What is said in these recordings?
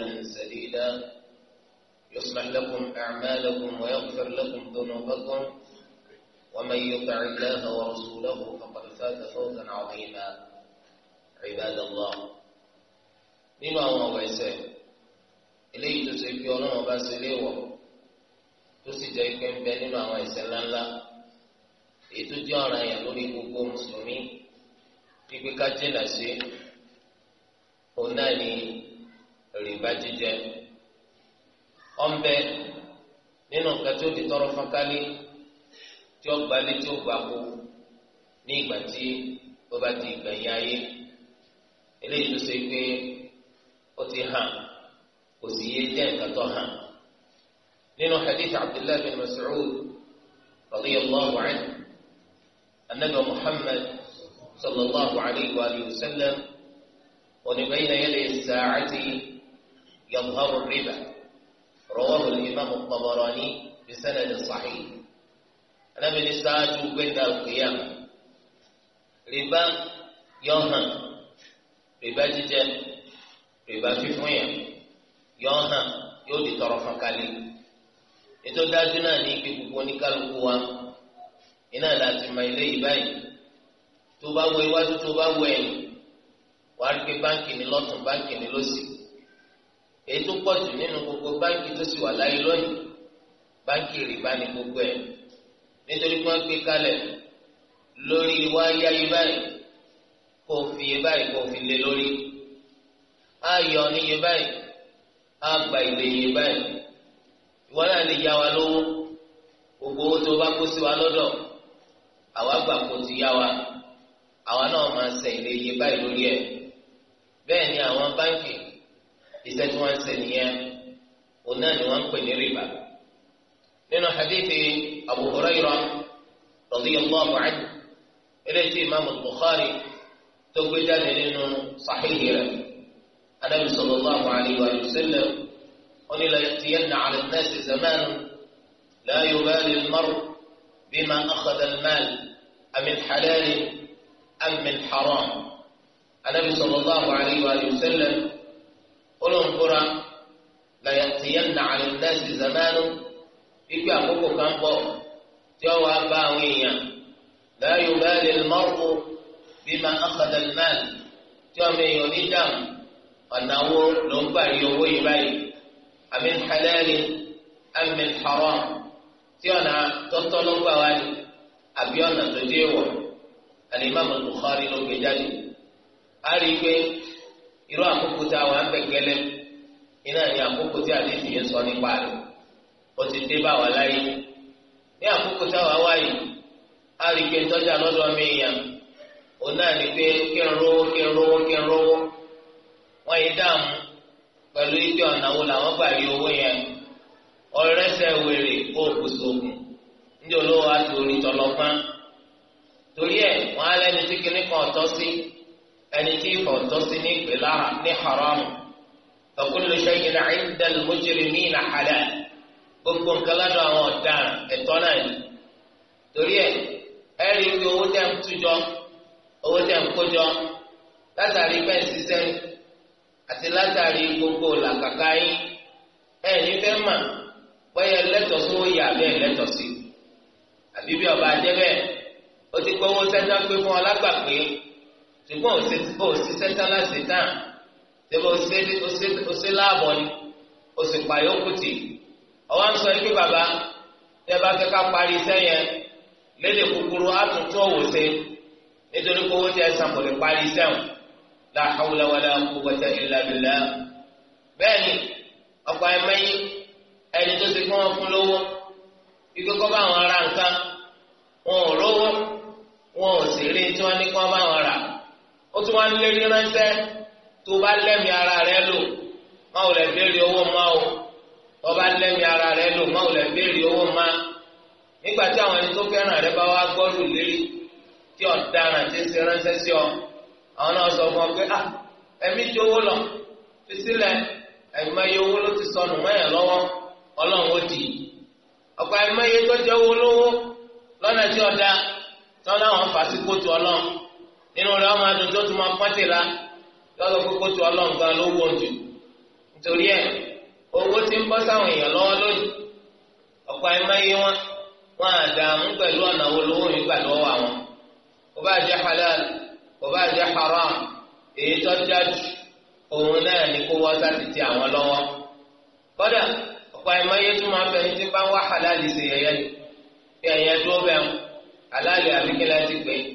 قولا سديدا يصلح لكم أعمالكم ويغفر لكم ذنوبكم ومن يطع الله ورسوله فقد فاز فوزا عظيما عباد الله nínú àwọn ọ̀rọ̀ ẹ̀ṣẹ̀ eléyìí tó ṣe pé ọlọ́run bá ṣe léèwọ̀ tó sì jẹ́ pé ń bẹ nínú àwọn ẹ̀ṣẹ̀ ńláńlá èyí tó jẹ́ ọ̀ràn yẹn lórí gbogbo mùsùlùmí pípé ká jìnà sí òun náà ni rìbá jíjẹ ọ̀nbẹ nínú nǹkan tí ó di tọrọ fọ́nkálí tí ó gbalé tí ó gbàgbó ní ìgbà tí ó bá di ìgbẹ̀yìn ayé eléyìí ló ṣe pé ó ti hàn kò sì yé jẹ́ nǹkan tó hàn nínú hadith abdullahi bin mas'ud radiyallahu anhu anabi muhammad sallallahu alayhi wa sallam wa ni bayna yaday as-sa'ati. يظهر الربا رواه الإمام الطبراني بسند صحيح أنا من الساعة بين القيامة ربا يوهن ربا جيجي ربا فيفويا يوهن يودي طرفا كالي ètò dájú náà ní ipe gbogbo oníkálukú wa iná láti mọ ilé yìí báyìí tó bá wọ iwájú tó bá wọ ẹ̀yìn wàá rí pé báńkì ní lọ́tún báńkì ní lọ́sì èyí tó pọ̀ jù nínú gbogbo báńkì tó sì wà láyé lónìí báńkì rìbá ni gbogbo ẹ̀ nítorí pé wọ́n gbé kalẹ̀ lórí wáyé ayé báyìí kò fi iye báyìí kò fi lé lórí á yọ ní iye báyìí á gba ìlé iye báyìí ìwọ náà lè yá wa lówó gbogbo owó tó bá kó sí wa lọ́dọ̀ àwa gbà kó ti yá wa àwa náà máa ṣe ìlé iye báyìí lórí ẹ̀ bẹ́ẹ̀ ni àwọn báńkì. iṣẹ́ tí wọ́n ń ṣe nìyẹn òun náà ni wọ́n ń pè ní rìbá nínú hadithi Abu Hurayra radiyallahu anhu eléyìí tí imaamu Bukhari tó gbé jáde nínú sahihi rẹ̀ anabi sallallahu alayhi wa sallam oní la yatiyanna ala nnaasi zamanu la yubali almaru bima akhadha almal amin xalaali amin xaram anabi sallallahu alayhi wa sallam. olóńgbòrà làyàtìyàn nàcàlẹ nẹẹsì zamanu ibi àkókò kan bọ tí ó wàá bá àwọn èèyàn láàyò báyìí lọrùkù bí ma àkàdà náà tí ọmọ èèyàn ní dàmú ọ̀nà wo ló ń gbà yí owó yìí báyìí àmì halali àmì haram tí ọ̀nà tọ́tọ́ ló ń gbà wá ní àbí ọ̀nà tó dé wọ̀ alimami Bukhari ló gbé jáde. a rí i pé irú àkókò tí àwọn abẹ́gẹ́lẹ́ iná ní àkókò tí àdéhùn yẹn sọ nípa rẹ̀ ó ti dé bá wa láyé ní àkókò tí àwọn awáyé á rí lọ́dọ̀ mi òun náà ní pé kí n rówó kí n rówó kí n rówó wọ́n pẹ̀lú ike làwọn gbà rí owó yẹn ọ̀rẹ́sẹ̀ wèrè ẹni tí ọ̀tọ́ sí ní ìpìlá ní haramu ọ̀kúnlẹ̀ ṣẹ́yìn náà ń dẹ̀ lójúri ní ìnà halal gbogbo nǹkan lọ́dọ̀ àwọn ọ̀daràn ẹ̀tọ́ náà ni torí ẹ̀ ẹ rí i pé owó tẹ̀ ń tújọ owó tẹ̀ ń kójọ látàrí bẹ́ẹ̀ ṣiṣẹ́ àti látàrí gbogbo làkàkà yín ẹ̀ ní fẹ́ mà bọ́yẹ lẹ́tọ̀ọ́ sí òye àbẹ́ lẹ́tọ̀ọ́ sí ọba jẹ́ bẹ́ẹ̀ ó ti pé owó sẹ́ńtà pé fún ọ lágbàpé ṣùgbọ́n ò sí sẹ́ńtà láti tán ṣùgbọ́n ó ṣe láàbọ̀ ni ó sì pààyàn kùtì ọwọ́ ń sọ yìí pé bàbá tẹ́ bá fẹ́ ká parí iṣẹ́ yẹn lédè kúkúrú àtúntò òwò ṣe nítorí pé owó tí ẹ san kò lè parí iṣẹ́ wọn la hawla wala quwwata illa billah bẹ́ẹ̀ ni ọ̀pọ̀ ẹ̀mẹ́yìn ẹni tó ti kọ́ wọn fún lówó ikú kọ́ bá wọn ra nǹkan wọn ò rówó wọn ò sì rí tí wọ́n ní kọ́ bá wọn rà. ó tún wá ń lérí ránṣẹ́ tó bá lẹ́mìí ara rẹ lò má ò lè béèrè owó má o tó ara rẹ lò má ò lè béèrè owó má nígbà tí àwọn ẹni tó fẹ́ràn rẹ bá wá gbọ́dọ̀ lérí tí ọ̀daràn ti ọ àwọn náà sọ ọ pé ah ẹ̀mí tí owó lọ fi sílẹ̀ ẹ̀mí owó ló ti sọnù lọ́wọ́ ọlọ́run ó dì í ọ̀pọ̀ ẹ̀mí tó jẹ́ owó lọ́nà tí ọ̀dà tí wọ́n náà wọ́n sí kóòtù inú rẹ̀ ọmọ adùn tó tún máa pọ́ntì la lọ́dọ̀ kókó tu ọlọ́run gan ló wọ́n jù nítorí ẹ̀ owó ti ń bọ́ sáwọn èèyàn lọ́wọ́ lónìí ọ̀pọ̀ wọn wọn àdààmú pẹ̀lú ọ̀nà wo lówó mi gbà lọ́wọ́ àwọn kò bá jẹ́ halal kò bá jẹ́ haram èyí tó dájú òun náà ní kó wọ́n sáti ti àwọn lọ́wọ́ kódà ọ̀pọ̀ máa bá wá halal ni bí ẹ̀yẹ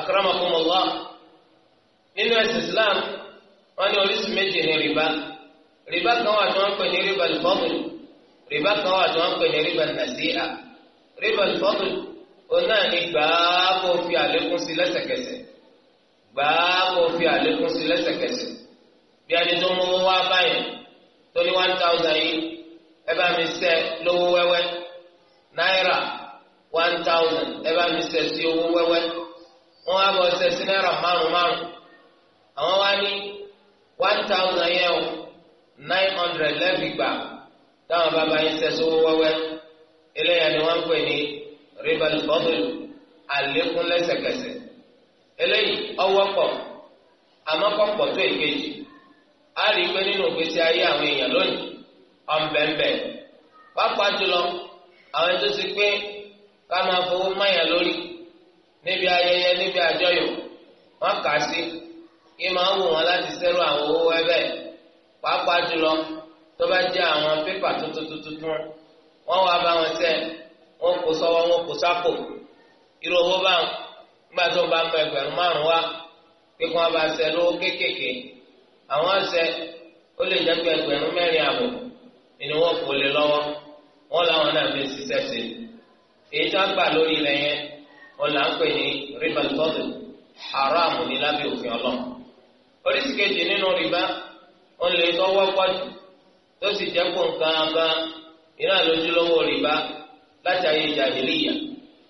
akramakumullah nínú ẹ̀sìn islam wọ́n ní oríṣi méje ní rìbá rìbá kan wà tí wọ́n ń pè ní rìbá al-fadl rìbá kan wà tí wọ́n ń pè ní rìbá nasi'a rìbá al-fadl òun náà ní gbàá kó fi àlékún sí lẹ́sẹ̀kẹsẹ̀ gbàá fi àlékún sí lẹ́sẹ̀kẹsẹ̀ bí a ti tó mú wá báyìí tó ní one thousand yìí ẹ bá mi ṣe lówó wẹ́wẹ́ náírà one thousand ẹ bá mi ṣe sí owó wẹ́wẹ́ wọ́n wá bọ̀ ṣe sí náírà márùn márùn àwọn wá ní one thousand yẹn o nine hundred lẹ́bi gbà táwọn bàbá yín ṣe sówó wẹ́wẹ́ eléyà ni wọ́n ń pè ní ribal bọ́dùl àlékún lẹ́sẹ̀kẹsẹ̀ eléyìí ọwọ́ pọ̀ àmọ́ kọ́ pọ̀ tó èkejì á rí i pé nínú ìgbésí ayé àwọn èèyàn lónìí ọ̀nbẹ̀ǹbẹ̀ pápá jùlọ àwọn tó ti pé ká máa fowó máyà lórí níbi ayé. níbi àjọyọ̀ wọ́n kà sí kí máa wù wọ́n láti sẹ́rù àwọn owó ẹ̀bẹ̀ pàápàá jùlọ tó bá jẹ́ àwọn pépà tuntun tuntun wọ́n wá bá wọn sẹ́ wọ́n kò sọ́wọ́ wọ́n kò sápò irú owó bá nígbà tó bá ẹgbẹ̀rún márùn wá kí wọ́n bá sẹ́ lówó kéékèèké àwọn sẹ́ ó lè jẹ́ pé ẹgbẹ̀rún mẹ́rin ni ọ̀là ń pè ní riba al-fadl haramu ní lábẹ́ òfin ọlọ́run oríṣi kejì nínú riba ó lè tọ́wọ́ pọ̀jù tó sì jẹ́ kó nǹkan bá iná lójúlówó riba láti ayé jàhílíyà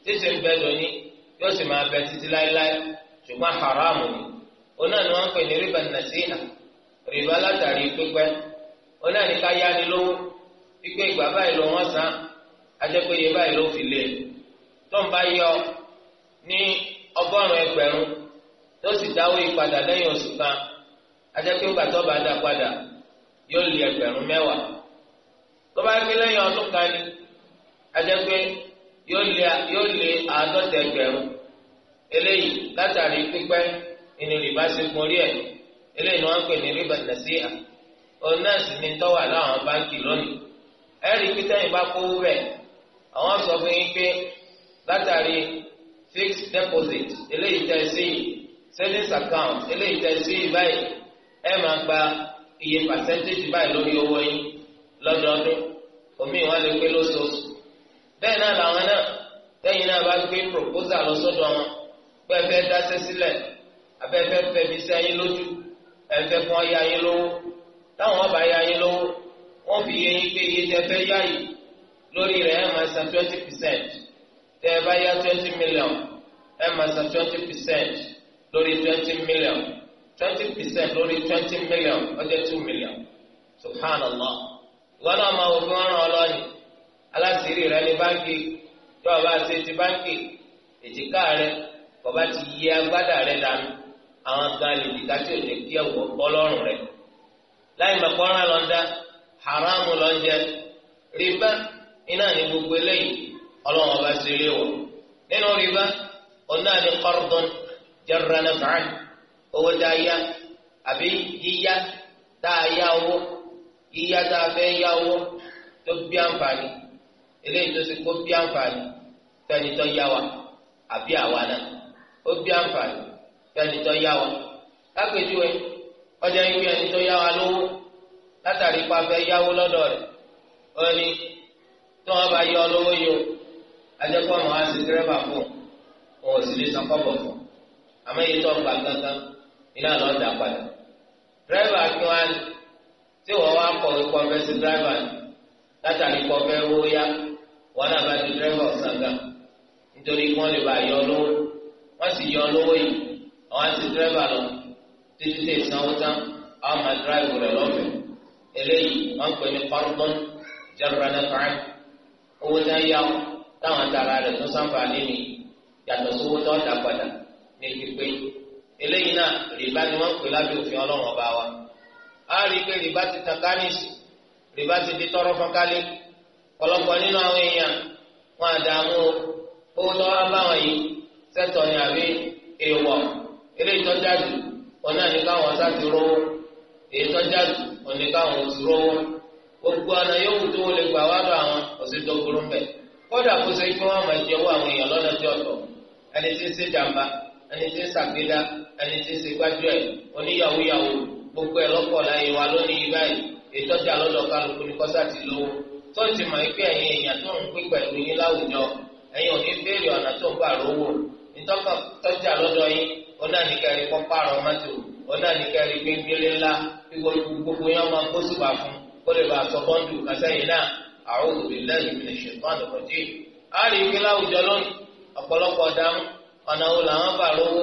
títí ń bẹ dòní yóò sì máa bẹ títí láéláé ṣùgbọ́n haramu ni onáà ni wọ́n pè ní riba an-nasiha riba látàrí pípẹ́ onáà ni ká yáni lówó pípé ìgbà báyìí ló wọ́n san ajẹ́pẹ́yẹ báyìí ló fi lé tó ń bá yọ ní ọgọ́rùn-ún ẹgbẹ̀rún tó sì dáwó ìpadà lẹ́yìn oṣù kan ajẹ́pé bá dá padà yóò lé ẹgbẹ̀rún mẹ́wàá tó bá gbé lẹ́yìn ọdún kan ní yóò lé àádọ́ta ẹgbẹ̀rún eléyìí látàrí pípẹ́ inú rìbá ṣe orí ẹ̀ eléyìí ni wọ́n ń pè ní rìbá òun náà fixed deposit eléyìí tẹ́ sí savings account eléyìí tẹ́ sí báyìí ẹ máa gba iye percentage báyìí lórí owó yín lọ́dọọdún omi wọn lè pé lóṣooṣù bẹ́ẹ̀ náà làwọn náà lẹ́yìn náà bá gbé proposal lọ sọ́dọ̀ wọn pé ẹ fẹ́ dáṣẹ́ sílẹ̀ abẹ́ fẹ́ sí ayé lójú ẹ fẹ́ kàn ya yín lówó táwọn ọba ya yín lówó wọ́n fi yẹ yín pé iye tẹ́ fẹ́ yá yìí lórí rẹ̀ ẹ máa san twenty percent. tẹ́ ẹ bá yá twenty million ẹ máa san twenty percent lórí twenty million twenty percent lórí twenty million ọjọ́ two million subhanallah wọn náà máa wò fún ọ̀ràn ọlọ́ọ̀ni aláṣírí rẹ ní báńkì tí ọba ṣe ti báńkì rẹ ti yẹ agbádá rẹ dànù àwọn gan lè dìgbà tí òjò kí ẹwọ bọlọrùn rẹ láì mẹkọrán haramu iná gbogbo eléyìí ọlọ́run ọba ṣe lé wọ̀ nínú rìbá ọ̀nà ni kọ́rọ̀dọ́n jẹ́rọ̀rọ̀ náà fàán owó tá a yá àbí yíyá tá a yá owó yíyá tá a fẹ́ yá owó tó bí àǹfààní eléyìí tó ṣe kó bí àǹfààní fẹ́ni tó yá wa àbí àwa náà ó bí àǹfààní fẹ́ni tó yá wa lápèjúwe ọjà yìí ẹni tó yá wa lówó látàrí pa fẹ́ yáwó lọ́dọ̀ rẹ̀ ó ní tí wọ́n bá yọ ọ lówó yìí o. ajẹ́pọ̀ àwọn àti dírẹ́bà fún òun ò sì lè san kọ́bọ̀ fún àmọ́ iye tó ń gbà kankan iná lọ dà padà dírẹ́bà kí wọ́n tí wọ́n wá kọ̀ ikọ̀ fẹ́ sí dírẹ́bà látàrí kọ̀ fẹ́ wó yá wọn náà bá di dírẹ́bà ọ̀sán nítorí kí wọ́n lè bá yọ lówó wọ́n sì yọ lówó yìí àwọn dírẹ́bà lọ títí sanwó tán àwọn máa táwọn tara rẹ̀ tún sáǹfààní mi yàtọ̀ sówó tó dà padà ní pípé eléyìí náà rìbá ni wọ́n ń pè lábẹ́ òfin ọlọ́run ọba wa á rí i pé rìbá ti tàn kánìsì rìbá ti di tọrọ fọ́nkálé ọ̀pọ̀lọpọ̀ nínú àwọn èèyàn wọn àdààmú owó tó wá báwọn yìí sẹ́tọ̀ ni àbí èèwọ̀ eléyìí tó jáde wọn náà ní káwọn sá ti rówó èyí tó jáde wọn ní káwọn ò ti rówó gbogbo ọ̀nà yóò wù tó wọlé gbà wá lọ àwọn òsì tó burú bẹ́ẹ̀. kódà kó sọ ikú wọn máa jẹ owó àwọn èèyàn lọ́nà tí ọ̀tọ̀ ẹni tí ń ṣe jàmbá ẹni tí ń ṣàgbéga ẹni tí ń ṣe gbájú ẹ̀ oníyàwó yàwó gbogbo ẹ̀ lọ́pọ̀ láyé wa lónìí báyìí lọ́dọ̀ kálukú ni kọ́sà ti lówó tó ti mọ̀ pé ẹ̀yin èèyàn tó ń pín pẹ̀lú yín láwùjọ ẹ̀yin ò ní ọ̀nà tó ń ìtọ́jà lọ́dọ̀ yín pọ́párọ̀ mọ́tò a'udhu billahi minash shaitanir rajim á rí i pé láwùjọ lónìí ọ̀pọ̀lọpọ̀ ọ̀daràn ọ̀nà wo làwọn bá lówó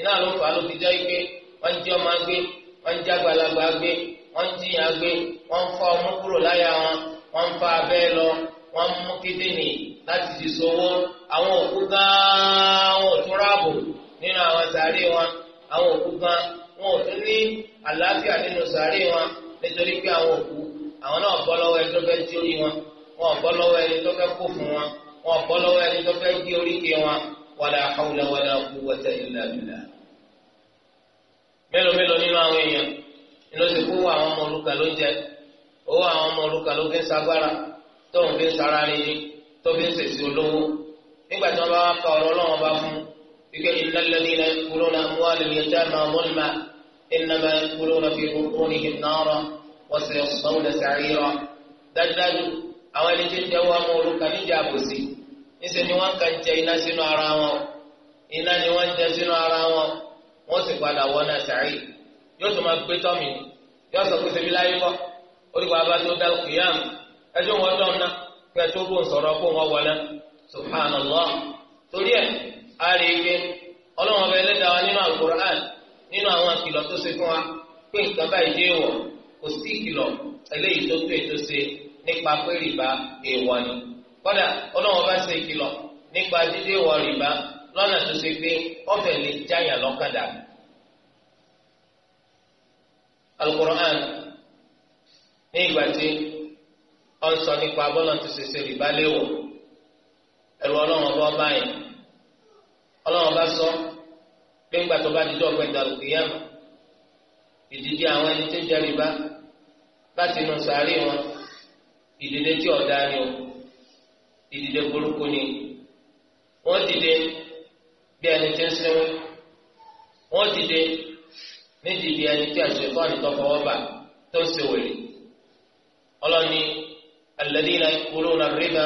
iná ló fà á ló fi jẹ́ pé wọ́n ń jí ọmọ agbé wọ́n ń jí àgbàlagbà agbé wọ́n ń jiyàn agbé wọ́n ń fọ́ ọmú kúrò láyà wọn wọ́n ń fa abẹ́ lọ wọ́n ń mú kídìní láti fi sowó àwọn òkú gan-an wọn ò tún ráàbò nínú àwọn sàárè wọn àwọn òkú gan wọn ò tún ní àlàáfíà nínú sàárè wọn nítorí pé àwọn òkú àwọn náà bọ́ lọ́wọ́ ẹjọ́ bẹ́ẹ̀ tí ó yí wọn wọn bọ́ lọ́wọ́ ẹni tó fẹ́ kó fún wọn wọn bọ́ lọ́wọ́ ẹni tó fẹ́ gé oríkè wọn wàlà hawla wàlà quwwata illa billah. mélòó mélòó nínú àwọn èèyàn nínú ti kó àwọn ọmọ olùkà ló jẹ owó àwọn ọmọ olùkà ló fi ń sagbára tóun fi ń sara rírí tó fi ń sèse olówó nígbà tí wọn bá ka ọ̀rọ̀ Ọlọ́run bá fún ike innal ladhina yakuluna amwalal yatama zulman innama yakuluna fi butunihim nara wa sayaslawna sa'ira dájúdájú àwọn ẹni tí ń jẹ́wọ́ ọmọ òrùka níjà àbòsí níṣẹ́ ni wọ́n kàn jẹ iná sínú ara wọn iná ni wọ́n jẹ sínú ara wọn wọ́n sì padà wọ́n náà sàárì yóò tún máa gbé tọ́mì yóò sọ pé ṣebí láyé kọ́ olùkọ́ abá tó dá ẹjọ́ wọn dán kí ẹ tó bó ń sọ̀rọ̀ kó wọlé torí ẹ̀ wa nínú alukur'an nínú àwọn tó ṣe fún wa pé nǹkan báyìí nípa pé rìbá èèwọ̀ ni kódà ọlọ́wọ́n bá ṣe ìkìlọ̀ nípa dídé wọ rìbá lọ́nà tó ṣe pé ọ̀fẹ́ lè jáyà lọ́kàdà. alukur'an ní ìgbà tí ó ń sọ nípa bọ́lá tó ṣe ṣe rìbá léwọ̀ ẹ̀rù ọlọ́wọ́n bá báyìí ọlọ́wọ́n bá sọ pé ńgbà tó bá dídé ọ̀gbẹ́ni alùpùpù ìdíje àwọn ẹni tó jẹ rìbá láti inú sàárè wọn ìdílé tí ọ̀dá ni o ìdílé burúkú ni wọ́n dìde bí ẹni tí ń sinmi wọ́n dìde ní dìde ẹni tí àṣetọ́ àdìtọ́ fọwọ́ bà tó ń sèwèrè ọlọ́ni alladhina yakuluna ar-riba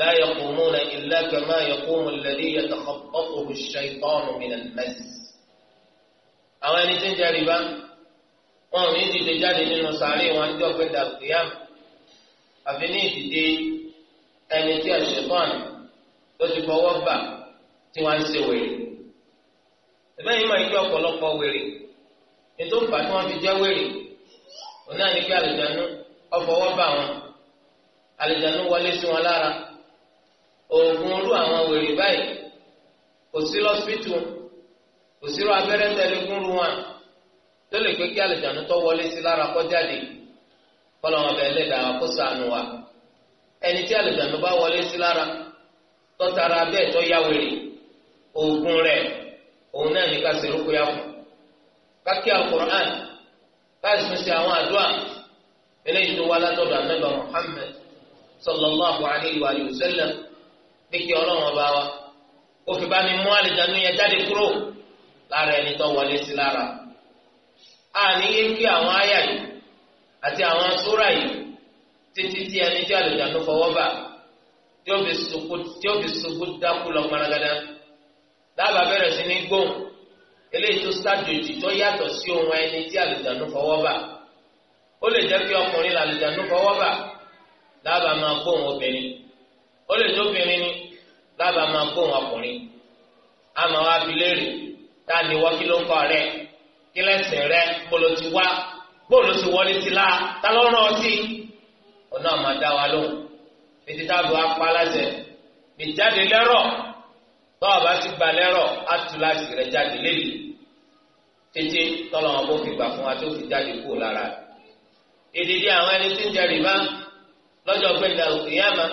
la yaqumuna illa kama yaqumu alladhi yatakhabbathu ash-shaytanu min al-mas àwọn ẹni tí ń jẹ rìbá wọn ò ní dìde jáde nínú sàárè wọn ń jọ pé dàgbéyàmù àfi ní ìdìde ẹni tí àṣetán tó ti fọwọ́ bà tí wọ́n ń ṣe wèrè ẹgbẹ́ yìí máa ń jẹ́ ọ̀pọ̀lọpọ̀ wèrè ètò ìgbà tí wọ́n fi jẹ́ wèrè òun náà ní pé àlùjánu ọfọwọ́ bà wọn àlùjánu wọlé sí wọn lára oògùn olú àwọn wèrè báyìí kò sí lọ́sítù kò sí lọ abẹ́rẹ́ tẹ̀lé gúnrú wọn tó lè pé kí àlùjánu tó wọlé sí lára kọjáde yìí kọlọ́wọ́n bẹ ẹlẹ́dàá kó sànù wa ẹni tí àlùjànnú bá wọlé sí lára tọ́tara bẹ́ẹ̀ tó yá wèrè oògùn rẹ̀ òun náà ní ká ṣe rúkúyà fún kákí alukur'an káyọ̀ tún ṣe àwọn àdúrà eléyìí tó wá látọ̀dọ̀ anábà Muhammad sallallahu alayhi wa sallam bí kí ọlọ́wọ́n bá wa ó fi bá mi mú àlùjànnú yẹn jáde kúrò lára ẹni tó wọlé sí lára àníyé kí àwọn áyà yìí àti àwọn súrà yìí títí tí ẹni tí àlùjáde fọwọ́ bà tí ó fi ṣubú dákú lọ gbaragada dábàá bẹ̀rẹ̀ sí ní gbóhùn eléyìí tó sájòjì tó yàtọ̀ sí ohun ẹni tí àlùjáde fọwọ́ bà ó lè jẹ́ kí ọkùnrin làlùjáde fọwọ́ bà dábàá máa gbóhùn obìnrin ó lè jẹ́ obìnrin ni dábàá máa gbóhùn ọkùnrin àmọ́ wa fi léèrè tá a ní wọ́n kí ló ń kọ́ rẹ̀ kí lẹ́sìn rẹ̀ kó ló ti wá bóòlù ti wọlé sí la ta ló rán ọ sí ọ̀nà àmà dá wa lóhùn ètí táàbù apá aláṣẹ ìjáde lẹ́rọ̀ tọ́wọ́ bá ti gba lẹ́rọ̀ á tu láti rẹ̀ jáde lélẹ̀ títí tọ́lọ̀ wọn kó fi gbà fún wa tó fi jáde kúrò lára ìdìdí àwọn ẹni tí ń jẹ rìbá lọ́jọ́ gbẹ̀dà òkèèyàmá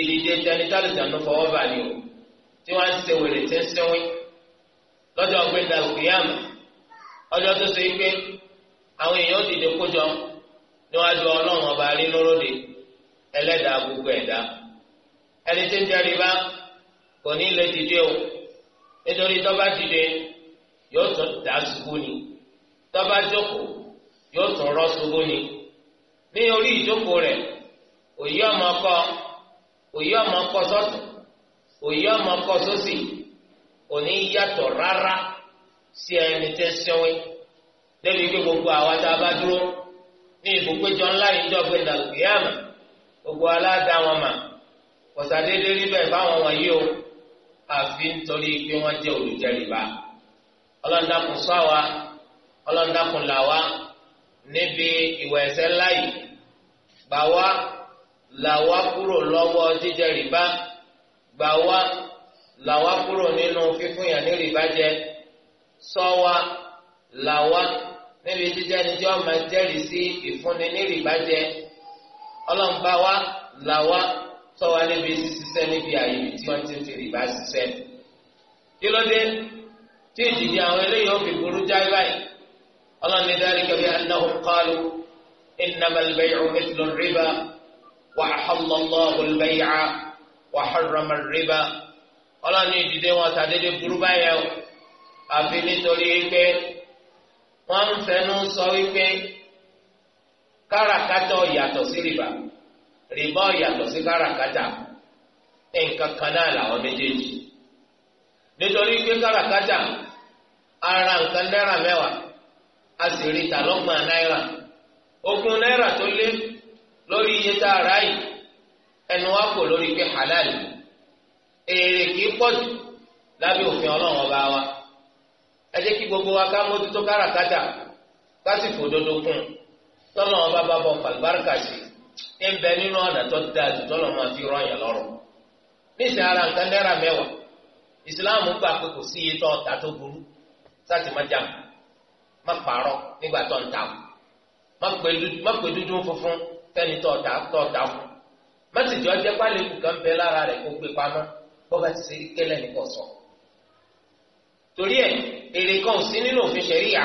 ìdìdí ẹni tálùjà fọwọ́ bà o tí wọ́n ń ṣe wèrè tí lọ́jọ́ gbẹ̀dà òkèèyàmá ọjọ́ tó ṣe é pé àwọn èèyàn ó dìde kójọ níwájú ọlọ́run ọba rínúróde ẹlẹ́dàá gbogbo ẹ̀dá ẹni tí ń jẹ rìbá kò ní lè dìde o nítorí tó bá dìde yóò tún dá ṣubú ni tó bá jókòó yóò tún rọ́ ṣubú ni ní orí ìjókòó rẹ̀ òye ọmọ kọ òye ọmọ kọ sọ́tún òye ọmọ kọ sósì òní yàtọ̀ rárá sí ẹni tí ń sẹ́wìn lẹ́nu ike gbogbo àwa tá a bá dúró ní ìfòpéjọ ńlá yìí jọ pé dàlùkìyàmà gbogbo aláda wọn mà kọ̀sádédé níbẹ̀ báwọn wọ̀nyí o àfi nítorí pé wọ́n jẹ́ olùjẹ́rìbá ọlọ́ndàkùn sọ àwa ọlọ́ndàkùn là wá níbi ìwà ẹ̀ṣẹ̀ ńlá yìí gbà wá là wá kúrò lọ́wọ́ jíjẹ́ rìbá gbà wá là wá kúrò nínú fífún yàn ní rìbá jẹ sọ wá là wá níbi jíjẹ́ ni tí wọ́n máa jẹ́rìí sí ìfúnni ní ìrìbàjẹ́ ọlọ́nba wa là wa tọ́ wa níbi ṣiṣẹ́ níbi àyè tí wọ́n ti fi ìrìbà ṣiṣẹ́. kí ló dé tí ìdìdì àwọn eléyìí ó fi burú jáì báyìí ọlọ́ni dárí kẹ́bí anáhùn kọ́lu innamal bay'u mithlu riba wa ahalla Allahu al-bay'a wa harrama riba ọlọ́ni ìdìdì wọn tàdédé burú báyẹn o nítorí pé. wọ́n ń fẹnu sọ wípé káràkátà ọ̀yàtọ̀ sí rìbá rìbá ọ̀yàtọ̀ sí káràkátà nǹkan kan náà làwọn méjèèjì nítorí pé káràkátà ara nǹkan náírà mẹ́wàá a sì rí ta lọ́gbọ̀n náírà ogún náírà tó lé lórí iye tá a rà yìí ẹnu wa kò lórí ọba wa. ẹ jẹ́ kí gbogbo wa ká mójútó káràkátà ká sì fòdodo kún tọ́lọ̀ wọn bá bá bọ̀ fàlùbáríkà sí i ń bẹ nínú ọ̀nà tó da jù tọ́lọ̀ wọn fi rọ̀yàn lọ́rùn níṣẹ́ ara nǹkan náírà mẹ́wàá ìsìláàmù gbà pé kò sí iye tó ọ̀tà tó burú sáti má jàm má pààrọ̀ nígbà tó ń ta má pè dúdú funfun fẹ́ni tó ọ̀tà tó ọ̀tà fún má sì jọ jẹ́ pálí kù kan bẹ lára rẹ̀ kó gbé pamọ́ bó bá ti ṣe kélé nìkan sọ̀rọ̀ torí ẹ̀ èrè kan ò sí nínú òfin ṣẹ̀ríyà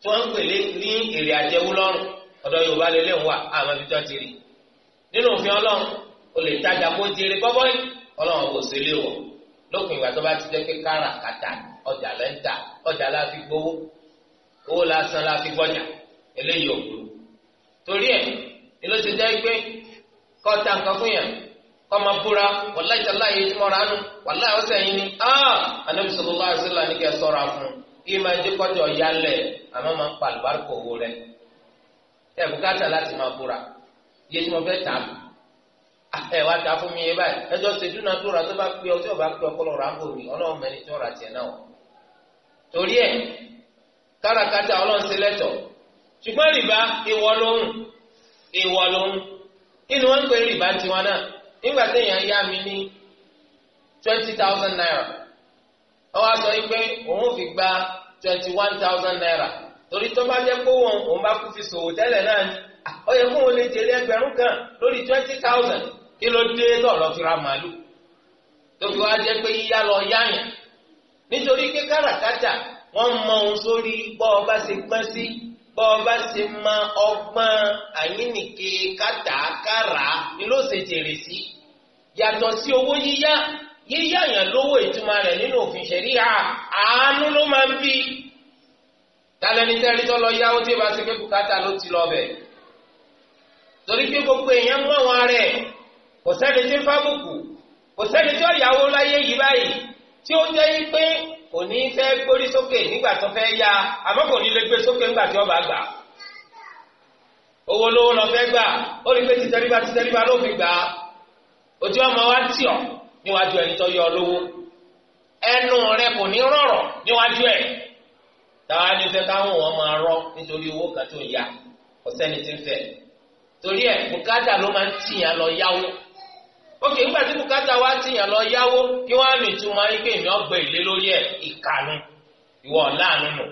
tí wọ́n ń pè ní èrè àjẹwò lọ́rùn ọ̀dọ̀ Yorùbá lélẹ̀ ń wà àmọ́ ibi tó ti rí nínú òfin Ọlọ́run o lè tajà kó ti èrè bọ́bọ́ yìí Ọlọ́run kò sí lé wọ̀ lópin ìgbà tó bá ti jẹ́ pé káràkátà ọjà lẹ́ńtà ọjà la fi gbowó owó lásán la fi gbọ́jà eléyìí ò burú torí ẹ̀ ni ló ti jẹ́ pé kọ́ta nǹkan fún yàn kọ́mọ búra wàláyé tàláyé tí mo rà á nù wàláyé ọ̀sẹ̀ yìí ni anabi ah! sallallahu alaihi wasallam ní kẹ́ sọ́ra fún kí máa jẹ́ kọ́jọ́ yálẹ̀ àmọ́ máa ń pa àlùbáríkò owó rẹ̀ ẹ̀ bùkátà láti máa búra tí mo fẹ́ tà ah, wá tà fún mi báyìí ẹjọ́ nígbà téèyàn yá mi ní twenty thousand naira ó wá sọ yìí pé òun fi gba twenty one thousand naira torí tó bá jẹ́ kó wọn òun bá kú fi ṣòwò tẹ́lẹ̀ náà ni ó yẹ kó wọn lè jèrè ẹgbẹ̀rún kan lórí twenty thousand kí ló dé lọ́ọ̀lọ́ fi ra màálù tó fi wá jẹ́ pé yíyá lọ yáyàn nítorí pé káràkátà wọ́n mọ ohun sórí bọ́ ọ bá ṣe pẹ́ sí bọ́ọ̀bá ṣe ma ọgbọ́n àyínnìke kátàkárà ni ló ṣe jèrè sí yàtọ̀ sí owó yíyá yíyá yàn lówó ìtumọ̀ rẹ̀ nínú òfin ṣẹ̀ríà àánú ló máa ń bí tálẹ́ni tẹ́rí tó lọ yáwó tí ìbá ṣe pé bùkátà ló ti lọ bẹ̀ torí pé gbogbo èèyàn mọ̀ wọn rẹ̀ kò sẹ́ni tí ń fábùkù kò sẹ́ni tí ó yàwó láyé yìí báyìí tí ó jẹ́ pé kò ní fẹ́ gbórí sókè nígbà tó fẹ́ yá àmọ́ kò ní lè gbé sókè nígbà tí ọba gbà owó lówó lọ fẹ́ gbà ó rí pé títẹríba títẹríba ló fi gbà ojú ọmọ wa tì ọ́ níwájú ẹni tó yọ lówó ẹnu rẹ kò ní níwájú táwa oke ńgbà tí bùkátà wa ti yàn lọ yáwó kí wọ́n á lè túmọ̀ ayé pé èmi ọgbẹ́ ìlé lórí ẹ̀ ìkànnì ìwọ ọ̀làánú nù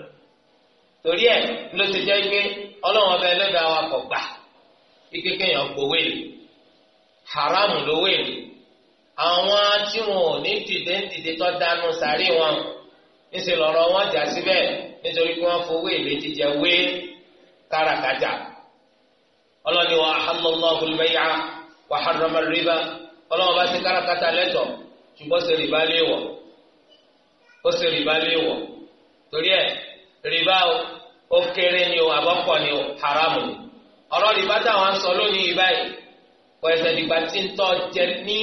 torí ẹ̀ ló ti jẹ́ pé ọlọ́run ọba ẹlẹ́dàá wa kọ̀ gbà ike kéèyàn gbowó haram lówó èlé àwọn tí wọn ò ní dìde ń dìde tó dánú sáré wọn ńṣe lọ́rọ̀ wọn jà nítorí pé fowó jíjẹ wé wa ọlọ́wọ́n bá ṣe káràkátà lẹ́tọ̀ ṣùgbọ́n ṣe rìbá léèwọ̀ ó ṣe rìbá léèwọ̀ torí ẹ̀ rìbá ó kéré ni o àbọ̀pọ̀ ni o haramu ni ọ̀rọ̀ rìbá táwọn ń sọ lónìí yìí báyìí kò ẹsẹ̀ dìgbà tí ń tọ́ jẹ ní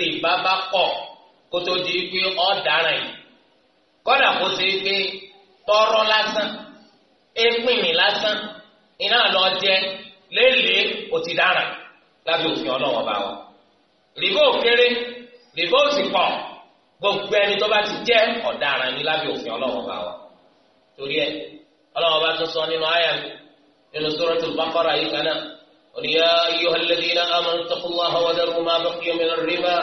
rìbá bá pọ̀ kó tó di pé ọ̀ dáràn yìí kọ́dà kó ṣe pé tọrọ lásán épìnì lásán iná lọ jẹ lélẹ̀ ó dáràn lábẹ́ òfin ọlọ́wọ́n bá wa rìbá ò kéré rìbá ò sì pọ̀ gbogbo ẹni tó bá ti jẹ́ ọ̀daràn ní lábẹ́ òfin ọlọ́wọ́n bá wa torí ẹ ọlọ́wọ́n bá tún sọ nínú àyà mi nínú Suratul Baqara yìí kan náà oníyà ayyuhal ladhina amanu ittaqullaha wa dharu ma baqiya minar riba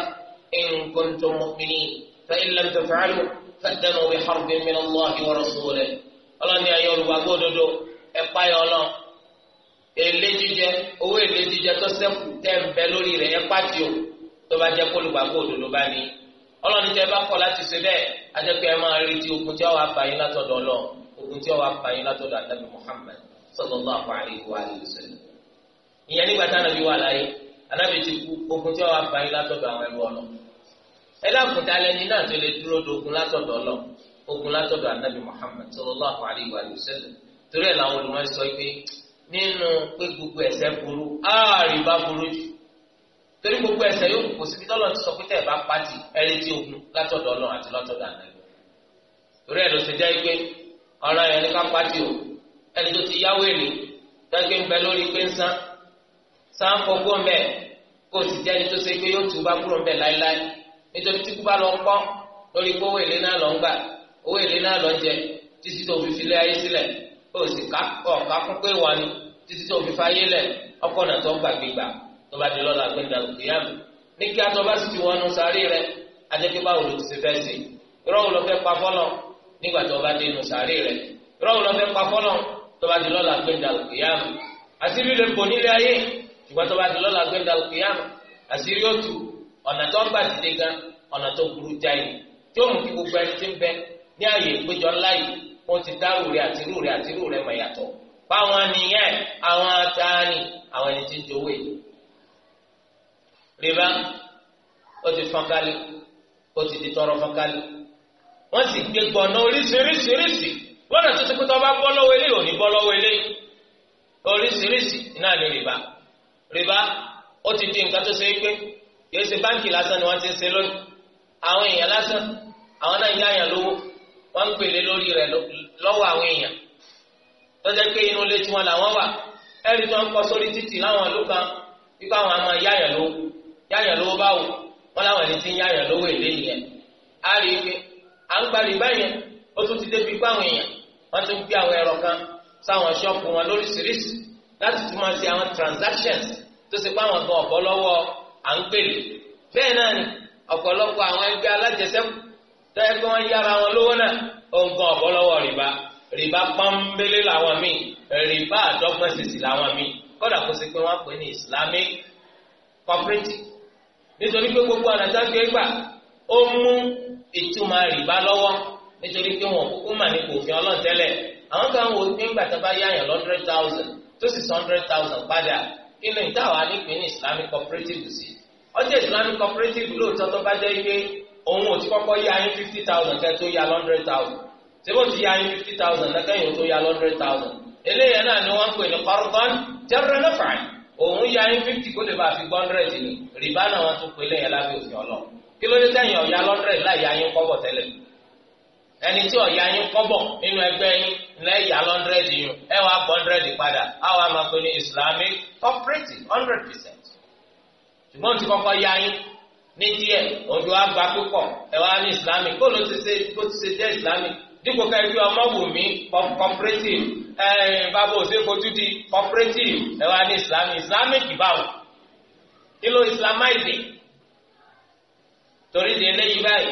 in kuntum mu'minin fa in lam taf'alu fadanu bi harbin min Allahi wa rasulihi ọlọ́ni ayé olùgbàgbọ́ òdodo ẹ̀pá yọ jíjẹ owó èlé jíjẹ tó sẹ́kù tẹ́ ń bẹ lórí rẹ̀ ẹ̀pá tí tó bá jẹ́ kólùgbàgbọ́ òdodo bá ní ọlọ́ni tẹ́ bá kọ̀ láti ṣe bẹ́ẹ̀ ajẹ́pẹ́ ẹ máa retí ogun tí wàá fà yín látọ̀dọ̀ ọlọ́run ogun tí wàá fà yín látọ̀dọ̀ ànábì Muhammad sallallahu alaihi wa alihi wasallam ìyẹn nígbà tí ànábì wà láyé ànábì ti kú ogun tí wàá fà yín látọ̀dọ̀ àwọn ẹrú ọlọ́ ẹ lákùntà lẹni náà tó lè dúró de ogun látọ̀dọ̀ ọlọ́ ogun látọ̀dọ̀ ànábì Muhammad sallallahu alaihi wa alihi wasallam torí ẹ̀ làwọn olùmọ̀ sọ pé nínú pé gbogbo ẹ̀ṣẹ̀ torí gbogbo ẹ̀ṣẹ̀ yóò kò síbi tọ́lọ̀ ti sọ pé tẹ̀ bá pàtì ẹ̀rí tí ogun látọ̀dọ̀ ọlọ́run àti látọ̀dọ̀ ànágbé torí ẹ̀ ló ṣe jẹ́ pé ọ̀ràn o ẹni tó ti yáwó èlé gbẹ́gbẹ́ ń bẹ lórí pé ń san san fọgbọ́n mbẹ kó o sì jẹ́ ẹni tó ṣe pé yóò tún bá kúrò lọ pọ́ lórí pé owó èlé náà lọ ń gbà owó èlé náà lọ jẹ títí tó fi filé ayé sílẹ̀ sì ká ọ̀ ká tó bá di lọ́la gbẹ̀dà òkèèyàn ní kí atọ́ bá sì ti wọnú sàárì rẹ ajẹ́kẹ́ báwo ló ti ṣe fẹ́ sí irọ́ wo ló fẹ́ pa fọ́lọ́ nígbà tó bá dé inú sàárì rẹ irọ́ wo ló fẹ́ pa fọ́lọ́ tó bá di lọ́la gbẹ̀dà òkèèyàn àṣírí lè bò nílé ayé ṣùgbọ́n tó bá di lọ́la gbẹ̀dà òkèèyàn àṣírí ó ọ̀nà tó ń gbà ti dé gan ọ̀nà tó burú jáì tí ó mú kí gbogbo ẹni tí ń bẹ ní rìbá ó ti fọ́n kálí ó ti di tọrọ fọ́n kálí wọ́n sì gbé gbọ̀nà oríṣiríṣiríṣi lọ́nà tó ti pé tó bá bọ́ lọ́wọ́ eléyìí ò ní bọ́ lọ́wọ́ eléyìí oríṣiríṣi náà ní rìbá rìbá ó ti di nǹkan tó ṣe é pé kìí ṣe báńkì lásán ni wọ́n ti ń ṣe lónìí àwọn èèyàn lásán àwọn náà ń yá àyàn lówó wọ́n ń gbèlé lórí rẹ̀ lọ́wọ́ àwọn èèyàn tọ́jà pé inú ilé tiwọn làwọn wà ẹ̀rí tí wọ́n ń sórí títì láwọn ìlú kan wípé àwọn àmọ́ yá àyàn lówó yáyàn lówó báwo wọn làwọn ẹni tí ń yáyàn lówó èlé nìyẹn á rí i pé à ń gbalè báyẹn ó tún ti débi pé àwọn èèyàn wọn tún gbé àwọn ẹ̀rọ kan sáwọn ṣọ́ọ̀pù wọn lóríṣiríṣi láti tún máa ṣe àwọn transactions tó ṣe pé àwọn gan ọ̀pọ̀ lọ́wọ́ à ń gbèlè bẹ́ẹ̀ náà ni ọ̀pọ̀lọpọ̀ àwọn ẹgbẹ́ alájẹsẹ́kù tẹ́lẹ̀ pé wọ́n yára wọn lówó náà ó ń gan ọ̀pọ̀ lọ́wọ́ rìbá rìbá pọ́nbélé làwọn míì rìbá àdọ́gbọ̀n sèṣì làwọn míì kódà kó ṣe pé wọ́n pè ní Islamic cooperative nítorí pé gbogbo ọ̀nà tá a gbé gbà ó mú ìtumọ̀ rìbá lọ́wọ́ nítorí pé wọn kúkú mà nípa òfin ọlọ́run tẹ́lẹ̀ àwọn kan wò pé ńgbà tó bá yáyàn hundred thousand tó sì padà islamic cooperative sí ọjọ́ islamic cooperative lóòótọ́ tó bá jẹ́ pé òun ò ti kọ́kọ́ yá yín fifty thousand kẹ́ tó yá ti yá yín fifty thousand tó yá òun ya ní fifty kó lè bá fi gbọ́ hundred ni rìbá náà wọn tún pè lẹ́yìn lábẹ́ òfin ọlọ kí ló dé sẹ́yìn ọ̀ya hundred láì ya yín kọ́bọ̀ tẹ́lẹ̀ ẹni tí ọ̀ya yín kọ́bọ̀ nínú ẹgbẹ́ yín lẹ́yìn hundred yín ẹ wàá gbọ́ hundred padà á wàá máa pe ní Islamic cooperative hundred percent ṣùgbọ́n tí kọ́kọ́ ya yín ní díẹ̀ òun ti wá gba púpọ̀ ẹ wàá ní Islamic kó ló ti ṣe kó ti ṣe jẹ́ Islamic dípò ká ẹgbẹ́ ọmọwùmí cooperative ẹ̀ bàbá òṣèkojú di cooperative ẹ̀ wá ní islamic islamic báwo nílò islamize torí di eléyìí báyìí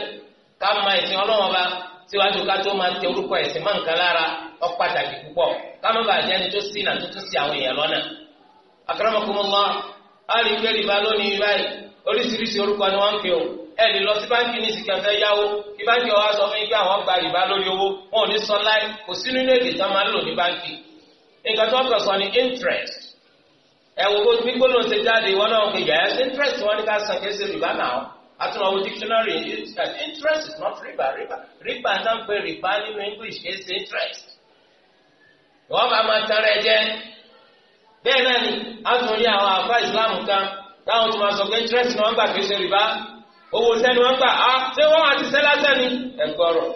ká máa ẹ̀sìn ọlọ́wọ́n bá síwájú ká tó máa tẹ orúkọ ẹ̀sìn máa ń kan lára ó pàtàkì púpọ̀ ká má bàa jẹ́ni tó sí náà tó tún sí àwọn èèyàn lọ́nà. akramakumullah á rí gbẹ́rì bá lónìí báyìí oríṣiríṣi orúkọ ni wọ́n ń pè ó ẹ lè lọ sí báńkì ní ìsìnkà fẹ́ yáwó kí báńkì ọwọ́ sọ fún yín pé àwọn gba rìbá lórí owó wọn ò ní sọ láì kò sí nínú èdè tán máa ń lò ní báńkì nǹkan tó kàn sọ ni interest ẹ wo bó gbígbó ló ṣe jáde wọn náà pé yẹn interest wọn ní ká san kí ẹ ṣe rìbá náà àtúnwò àwọn dictionary that interest is not rìbá rìbá rìbá náà ń pè rìbá nínú English kì í ṣe interest wọ́n bá máa tẹrẹ jẹ bẹ́ẹ̀ náà ni a tún rí àwọn àfa ìsìlámù kan táwọn tó máa sọ pé interest náà ń gbà kì í ṣe rìbá owó sẹ́ni wọ́n gbà á ah, ṣé wọ́n àti ṣẹ́ lásán ni ẹ̀gbọ́rọ̀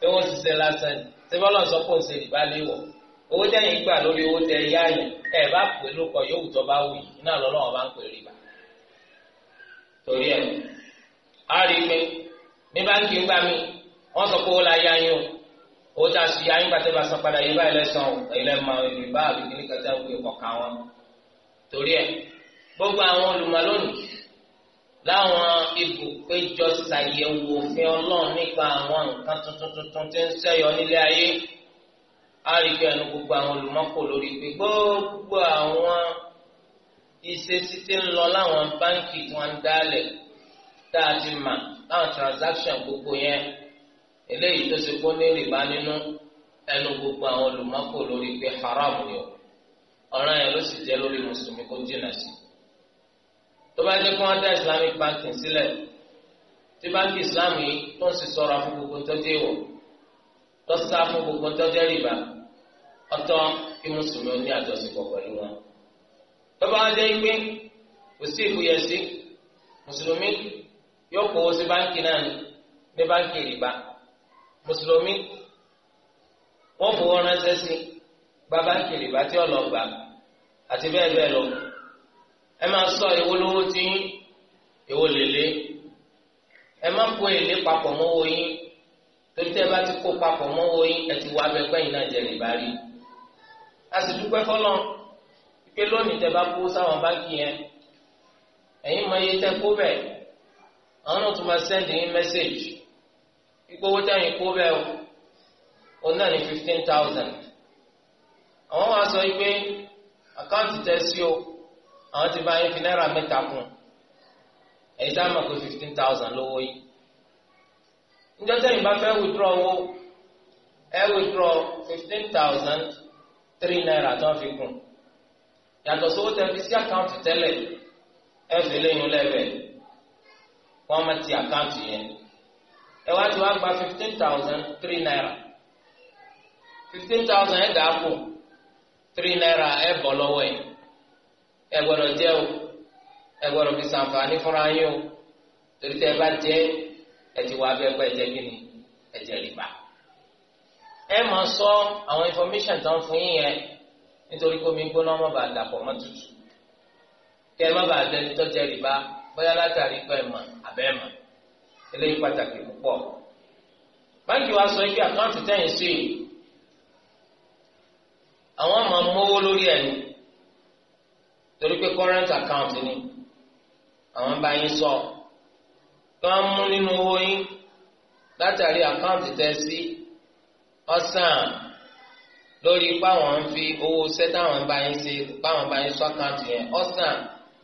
ṣé wọ́n ti ṣẹ́ lásán ni ṣé wọ́n lọ sọ pé òun ṣe ìbá léwọ̀ owó tẹ̀yìn gbà lórí owó tẹ̀ yá yẹn ẹ̀ bá pè lóko yóò tó bá wù yìí iná lọ́lọ́wọ́ bá ń pè rí bá torí ẹ̀ á rí i pé ní báńkì ń gbà mí wọ́n sọ pé ó la yá yín o owó tá a sì yá yín gbàtẹ́ bá san padà yín báyìí lẹ́sàn o èyí lẹ́ máa ń bá àbíkí ní kẹta wíwé láwọn ibùpéjọ ṣàyẹ̀wò òfin ọlọ́run nípa àwọn nǹkan tuntun tuntun tí ń ṣẹ̀yọ nílé ayé á rí pé ẹnu gbogbo àwọn olùmọ́kò lórí pé gbogbo àwọn ìṣesí tí ń lọ láwọn báńkì tí wọ́n ń dálẹ̀ tá a ti mà láwọn transaction gbogbo yẹn eléyìí tó ṣe kó ní rìbá nínú ẹnu gbogbo àwọn olùmọ́kò lórí pé haram ni o ọ̀ràn yẹn ló sì jẹ́ lórí mùsùlùmí kó jìnnà sí i tó bá jẹ́ kí wọ́n dá islamic banking sílẹ̀ tí báńkì islam yìí tó ń sì sọ̀rọ̀ fún gbogbo tọ́jú ìwọ̀ tó sá fún gbogbo tọ́jú rìbá ọ̀tọ̀ kí mùsùlùmí ó ní àjọṣepọ̀ pẹ̀lú wọn. tó bá jẹ́ pé kò sí ìfúyẹ̀sí mùsùlùmí yóò kówó sí báńkì náà ní báńkì rìbá mùsùlùmí wọ́n fowó ránṣẹ́ sí gba báńkì rìbá tí ọ̀lọ́gbà àti bẹ́ẹ̀ bẹ́ẹ̀ lọ ẹ máa sọ èwo lówó tí yín èwo lèlé ẹ má kó èlé papọ̀ mọ́wó yín torí tẹ́ bá ti kó papọ̀ mọ́wó yín ẹ ti wá abẹ pẹ́yìn náà jẹ rìbá rí a sì dúpẹ́ fọlọ́ pé lónìí tẹ́ bá kó sáwọn báńkì yẹn ẹ̀yin mọ iye tẹ́ kó bẹ̀ àwọn náà tún máa sẹ́ndì yín mẹ́sẹ̀gì ìgbowó tẹ́yìn kó bẹ̀ o òun náà ní fifteen thousand àwọn wa sọ yìí pé àkáǹtì tẹ́ sí o àwọn ti bá yín fi náírà mẹ́ta kún ẹ̀yin tá a mọ̀ pé fifteen thousand lówó yìí níjọ́ sẹ́yìn bá fẹ́ withdraw owó ẹ withdraw fifteen thousand three náírà tó ń fi kún yàtọ̀ sówó tẹ fi sí àkáǹtì tẹ́lẹ̀ ẹ fi léyìn lẹ́bẹ̀ẹ́ wọ́n máa ti àkáǹtì yẹn ẹ wá ti wá gba fifteen thousand three náírà fifteen thousand ẹ dàá kù three náírà ẹ bọ̀ lọ́wọ́ yìí ẹ gbọ́dọ̀ jẹ o ẹ gbọ́dọ̀ fi sànfààní fúnra yín o torí tẹ ẹ bá jẹ ẹ ti wá abẹ́pẹ́ ẹ jẹ kí ni ẹ jẹ rìbá. ẹ máa sọ àwọn information tó ń fún yín yẹn nítorí kó mi gbóná má bàa dàpọ̀ mọ́ tutù kẹ má bàa dẹni tó jẹ rìbá bóyá látàrí pẹ́ mọ̀ àbẹ́ mọ̀ eléyìí pàtàkì púpọ̀. báńkì wa sọ pé àkáǹtì tẹ̀yìn sí i àwọn máa mówó lórí ẹ̀ ni torí pé current account ni àwọn bá yín sọ kí wọ́n mú nínú owó yín látàrí account tẹ́ sí ọ̀sán lórí páwọn ń fi owó iṣẹ́ táwọn bá yín ṣe páwọn bá yín sọ account yẹn ọ̀sán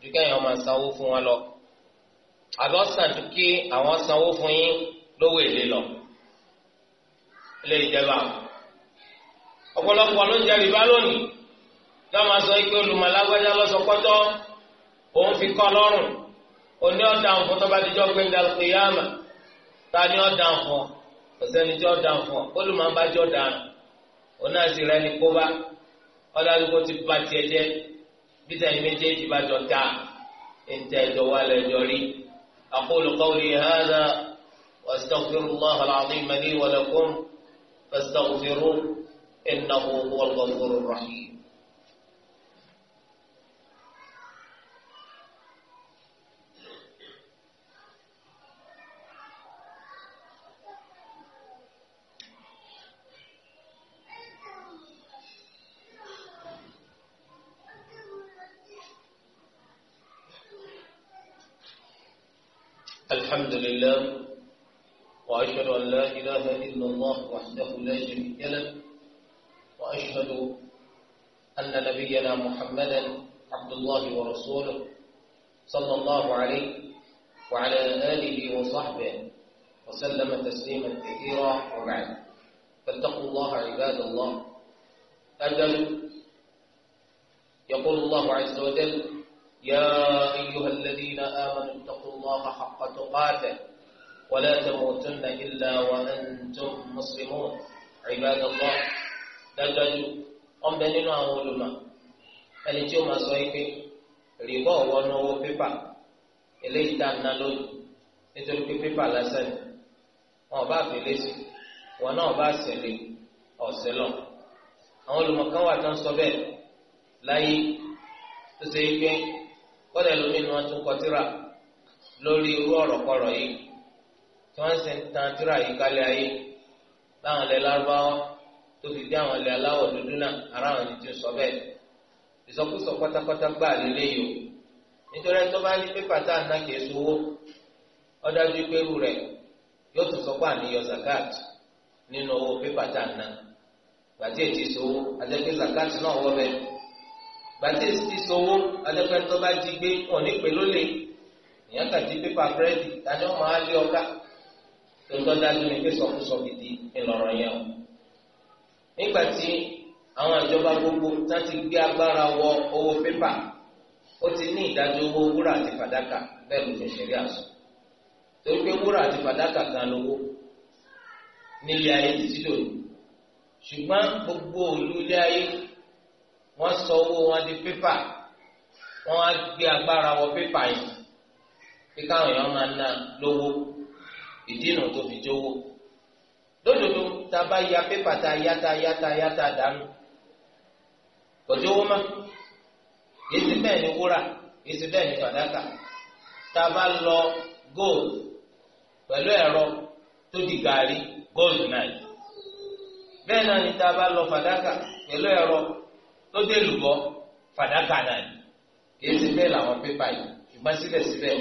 ju kẹ́yìn ọmọ sanwó fún wọn lọ àbí ọ̀sán ju kí àwọn sanwó fún yín lówó èlé lọ lè jẹba ọ̀pọ̀lọpọ̀ ló ń jẹ rìbá lónìí lọ́mọ sọ pé olùmọ̀lágbájá lọ́sọ̀kọ́tọ́ òun fi kọ́ lọ́rùn òní ọ̀dàn fún tọ́ba díjọ́ pé ńlá kéyàmà ta ni ọ̀dàn fún ọ̀sẹ́ni tí ọ̀dàn fún olùmọ̀lágbájọ́ dàn òun náà sì rẹ́ni kóbá ọ̀dàdúgbò ti ba tiẹ̀ jẹ́ bí tẹ̀yìn méjèèjì bá jọ dáa ẹ̀ǹtẹ̀ ẹ̀jọ̀ wà lẹ́jọ́ rí aqulu qawli hadha wastaghfirullaha al-azima li wa lakum fastaghfiruhu innahu huwal ghafurur rahim. ورسوله صلى الله عليه وعلى آله وصحبه وسلم تسليما كثيرا وبعد فاتقوا الله عباد الله أجل يقول الله عز وجل يا أيها الذين آمنوا اتقوا الله حق تقاته ولا تموتن إلا وأنتم مسلمون عباد الله دجاج قم بنينا أولنا أن يجوم أسوأك rìbọ wọnú owó pépà eléyìí tá a ná lónìí nítorí pé pépà lásán ni wọn ò bá fèlè sí wọn náà bá sẹlẹ ọsẹ lọ àwọn olùmọkàn wà tó ń sọ bẹ́ẹ̀ láyé tó ṣe é gbé kọlẹ lómi ni wọn tún kọ tírà lórí irú ọ̀rọ̀ kọ̀rọ̀ yìí tí wọn sì ń tan tírà yìí kálẹ̀ ayé láwọn ilẹ̀ lárúbáwá tó fi dé àwọn ilẹ̀ aláwọ̀ dúdú náà ara àwọn ènìyàn ti sọ bẹ́ẹ̀. ìsọkúsọ pátápátá gbà lélẹ́yìí o nítorí ẹni bá ní pépà tá à ń ná kìí sowó ọdájú pé rẹ̀ yóò tún zakat nínú owó pépà tá à ń ná gbàtí zakat náà wọ́ bẹ́ẹ̀ gbàtí ti sowó àjẹpẹ́ tó bá jí gbé ìyẹn kà pépà búrẹ́dì tani máa lé ọ̀ká tó ń ni pé sọkúsọ àwọn ìjọba gbogbo tá ti gbé agbára wọ owó pépà ó ti ní ìdájọ́ owó wúrà àti fàdákà bẹ́ẹ̀ ló fi ṣẹlẹ̀ àṣọ torí pé wúrà àti fàdákà kan lówó nílé ayé títí lòdì ṣùgbọ́n gbogbo òlu ilé ayé wọ́n sọ owó wọn di pépà wọ́n á gbé agbára wọ pépà yìí kí káwọn èèyàn máa ná lówó ìdí tó fi jówó lódodo tá a bá ya pépà tá a yá tá yá tá yá tá dànù kọjú owó má èsì bẹ́ẹ̀ ni wúrà èsì bẹ́ẹ̀ ni fàdákà tá a bá lọ gold pẹ̀lú ẹ̀rọ tó di gàrí gold náà bẹ́ẹ̀ náà ni tá a bá lọ fàdákà pẹ̀lú ẹ̀rọ tó dé lùbọ́ fàdákà náà èsì bẹ́ẹ̀ làwọn pépà yìí ṣùgbọ́n síbẹ̀síbẹ̀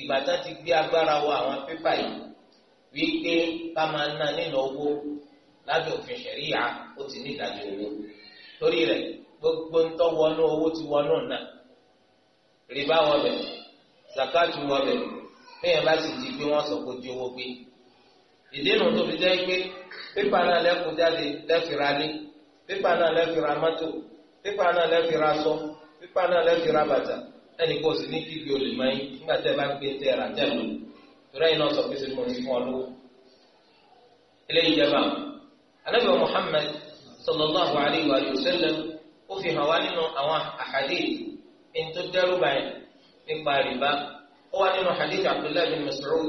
ìgbà tá ti gbé agbára wọ àwọn pépà yìí wípé ká máa ná nínú owó lábẹ́ òfin ṣẹ̀ríyà ó ti ní ìdájọ́ owó torí rẹ̀ gbogbo ńtọ́ wọnú owó ti wọnú ọ̀nà rìbá wọn bẹ̀ zakatu wọn bẹ̀ fẹ́yìn bá sì di pé wọ́n sọ kó di owó gbé ìdínà tó fi jẹ́ pé pépà náà lẹ́kùn jáde lẹ́fìrà lé pépà náà lẹ́fìrà mọ́tò pépà náà lẹ́fìrà sọ pépà náà lẹ́fìrà bàtà ẹnì kó sì ní kíkì olè mọ́yìn nígbà tẹ́ bá gbé tẹ́ ra tẹ́ lò torí ẹ̀yin náà sọ pé sẹ́ni ti fún ọ lówó eléyìí jẹ́ báwọn anábìyàn Muhammad sallallahu alayhi wa sallam ó fi hàn wá nínú àwọn àhàdíì ẹni tó dẹ́rù báyìí nípa rìbá ó wá nínú àhàdíì abdullahi bin mas'ud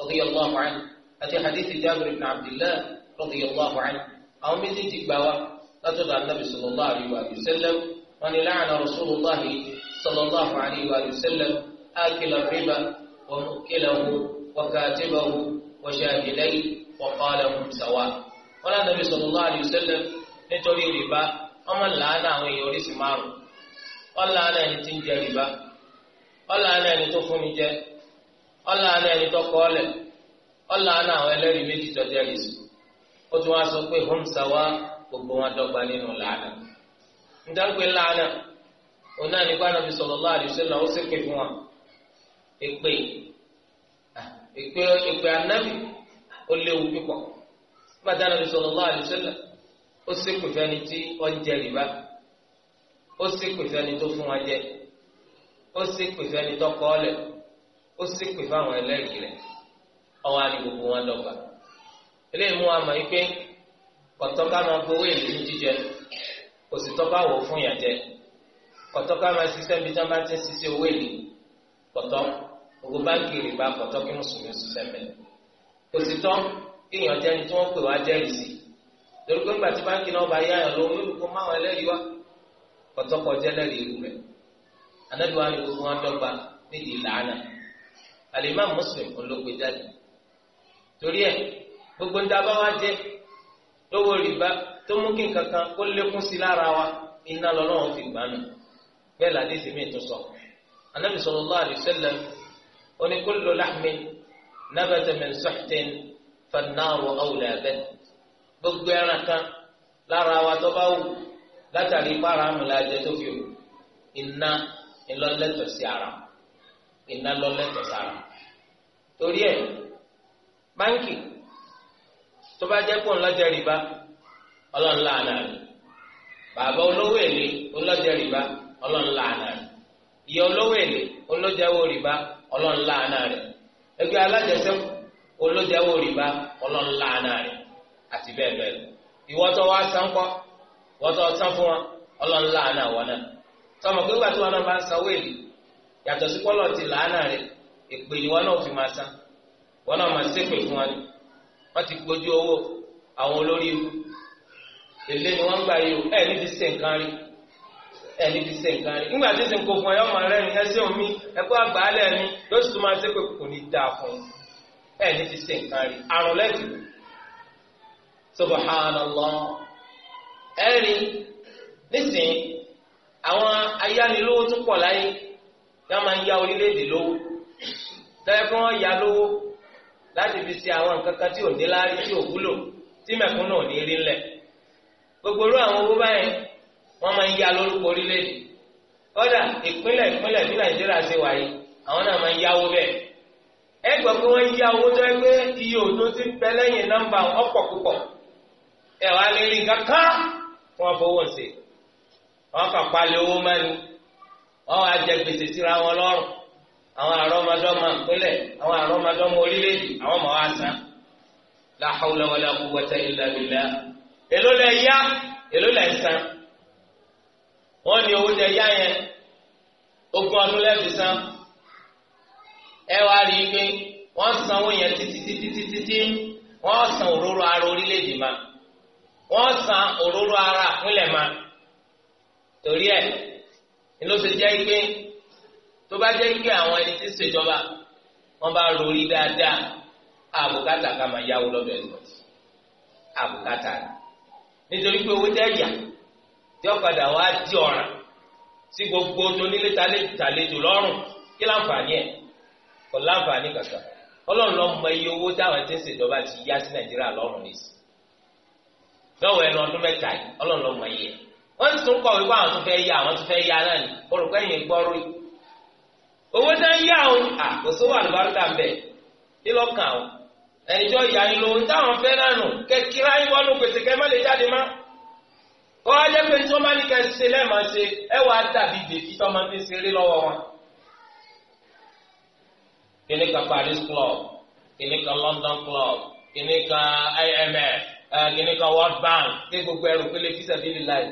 radiyallahu anhu àti àhàdíì jabir bin abdullahi radiyallahu anhu àwọn méjèèjì gbà wá látọ̀dọ̀ anabi sallallahu alayhi wa sallam wọn ni la'ana rasulullahi sallallahu alayhi wa sallam akila riba wa mukilahu wa katibahu wa shahidayhi wa qala hum sawa wọn lànà nabi sallallahu alayhi wa sallam nítorí rìbá. ọmọ làánà àwọn èèyàn oríṣi márùn ọlàánà ẹni tí ń jẹ rìbá ẹni tó fúnni jẹ ẹni tó kọ ọlẹ ọlàánà àwọn ẹlẹ́rìí méjì tó jẹ rìsù ó tún wá sọ pé gbogbo wọn nínú náà ó sì pè fún wa èpè èpè ànábì ó léwu púpọ̀ nígbà ọ nàbí sallallahu alaihi ó ṣépè fẹ́ni tí ó ń jẹ rìbá ó ṣépè fẹ́ni tó fún wa jẹ ó ṣépè fẹ́ni tó kọ̀ ọ́ lẹ̀ ó ṣépè fáwọn ẹlẹ́rìí rẹ̀ ọwọ́ á ní gbogbo wọn dọ́gba eléyìí mú wa mọ̀ yìí pé kọ̀tọ́ ká máa gbowó èlé ní jíjẹ kò sì tọ́ bá wọ̀ fún yà jẹ kọ̀tọ́ máa ṣiṣẹ́ bí tán ti ń ṣiṣẹ́ owó èlé kọ̀tọ́ gbogbo báńkì rìbá kọ̀tọ́ kí mùsùlùmí ṣiṣẹ́ mẹ́lẹ̀ kò sì tọ́ kéèyàn jẹ́ni tí wọ́n pè wá jẹ́rìí sí torí pé ńgbà tí báńkì náà bá yá ẹ̀ lọ́wọ́ yóò kó máwọn ẹlẹ́rìí wá kọ́tọ́kọ́ jẹ́ lẹ́rìí irú rẹ̀ anábì wa ni gbogbo wọn dọ́gba nídìí làánà alimam muslim olóògbé jáde torí ẹ gbogbo ń dábàá wá jẹ lówó rìbá tó mú kí nǹkan kan kó lékún sí lára wa iná lọ́lọ́run fi gbà nù bẹ́ẹ̀ làdí ìsinmi tó sọ anábì sallallahu alaihi wasallam ó ní kullu lahmin nabata min suhtin gbogbo ẹran kan lára wa tó bá wù látàrí ipára àmì la jẹ tó fi wù iná ńlọlẹ́tọ̀ sí ara iná ńlọlẹ́tọ̀ sí ara torí ẹ̀ báńkì tó bá jẹ́ pọ̀ ńlọ́jẹ̀ rìbá ọlọ́nla àná rẹ̀ bàbá olówó èlé ńlọ́jẹ̀ rìbá ọlọ́nla àná rẹ̀ ìyá olówó èlé ńlọ́jẹ̀wó rìbá ọlọ́nla àná rẹ̀ ẹgbẹ́ alájẹsẹ́kù olójẹ́wó rìbá ọlọ́nla àná rẹ̀ àti bẹ́ẹ̀ bẹ́ẹ̀ lọ ìwọ́tọ̀ wa san kọ́ ìwọ́tọ̀ san fún wọn ọlọ́run láàánú àwọn náà sọmọ pé wọn náà bá ń yàtọ̀ sí ti làánà èpè ni wọn náà fi máa san wọn náà máa ṣépè fún wọn ni wọn ti gbójú owó àwọn olórí ibu èlé ni wọn gbà yìí o ẹ níbi omi àgbàálẹ máa kò ní dáa fún ẹ níbi subhanallah ẹ̀rí nísìnyí àwọn ayánilówó tó pọ̀ láyé yá máa ń ya orílẹ̀-èdè lówó lọ́yẹ́ kí wọ́n ya lówó láti fi ṣe àwọn nǹkan kan tí ò ní láárí tí ò wúlò tí mẹ̀kúnnù ò ní rí ńlẹ̀ gbogbo irú àwọn owó báyẹn wọ́n máa ń ya lórúkọ orílẹ̀-èdè kódà ìpínlẹ̀ ìpínlẹ̀ bí nàìjíríà ṣe wáyé àwọn náà máa ń yáwó bẹ́ẹ̀ ẹ gbọ́ pé wọ́n yá owó tó ẹgbẹ́ iye òdo ti bẹ lẹ́yìn nọ́mbà ọ̀pọ̀ púpọ̀ ẹ wàá lè rí nǹkan kan wọn fowó ṣe wọn kàn palẹ̀ owó mẹ́nu wọn wàá jẹ gbèsè síra wọn lọ́rùn àwọn àrọ́mọdọ́mọ ìpínlẹ̀ àwọn àrọ́mọdọ́mọ orílẹ̀-èdè àwọn ọmọ wa san la hawla wala quwwata illa billah èló lẹ yá èló lẹ san wọn ní owó tẹ yá yẹn ogún ọdún lẹ́ẹ̀fi san ẹ rí i pé wọ́n sanwó yẹn títí títí títí wọ́n san òróró ara orílẹ̀ máa wọ́n san òróró ara àpínlẹ̀ ma torí ẹ̀ ni ló ṣe jẹ́ pé tó bá jẹ́ pé àwọn ẹni tí ń ṣèjọba wọ́n bá rori dáadáa àbùkátà ká máa yáwó lọ́dọ̀ ẹ̀ lọ́tì àbùkátà nítorí pé owó jẹ́ ìyà tí ọ̀kadà wa di ọ̀ràn sí gbogbo tónílé tàlejò lọ́rùn kí láǹfààní ẹ̀ kò láǹfààní kankan ọlọ́run ló mọ iye owó táwọn ti ń ṣèjọba ti yá sí nàìjíríà lọ́rùn nìyí lọ́wọ́ ẹnu ọdún mẹ́ta yìí ọlọ́run lọ́mọ yìí wọ́n ti tún kọ̀wé ya àwọn tún fẹ́ yá àwọn tún fẹ́ yá náà ni olùkọ́ ẹ̀yìn gbọ́rú yìí owó tá ń yá òun à kò sówó àlùbáríkà lọ́kàn ẹnìjọ́ táwọn fẹ́ náà nù wọ́n pèsè lè Paris club London club IMF kìnnì world bank ké gbogbo ẹrù pé lè fi sàbílì láì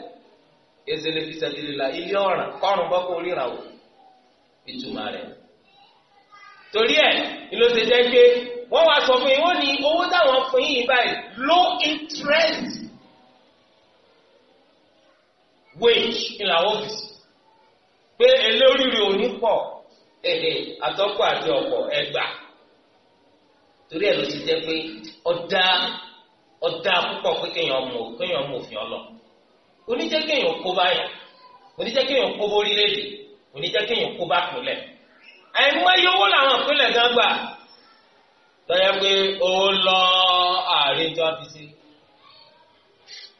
èsè lè fi sàbílì láì ilé ọ̀ràn kọ́rùn bọ́ kó ríra o ìtumọ̀ rẹ̀ torí ẹ̀ ìlú ṣe jẹ́ pé wọ́n wá sọ fún yín wọ́n ní owó táwọn fún yín báyìí low interest wage ńlá ọ́fíìsì pé elérìrì òní pọ̀ ehe àtọ́kọ̀ àti ọ̀pọ̀ ẹgbàá torí ẹ̀ ló ti jẹ́ pé ọ̀dà ó dáa púpọ̀ pé kéèyàn mọ̀ kéèyàn mọ̀ òfin ọlọ oníjẹ́ kéèyàn kó báyà oníjẹ́ kéèyàn kó bórílẹ̀èdè oníjẹ́ kéèyàn kó bá kúnlẹ̀ àìmọye owó làwọn ìpínlẹ̀ gan gbà tọ́yẹ pé owó lọ ààrẹ tó fi sí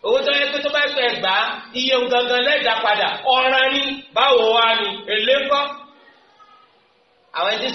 owó tọ́yẹ pé tó bá pẹ́ gbà iye gangan lẹ́ẹ̀dá padà ọ̀ràn ni báwo wá ni èlé ńkọ́ àwọn ẹni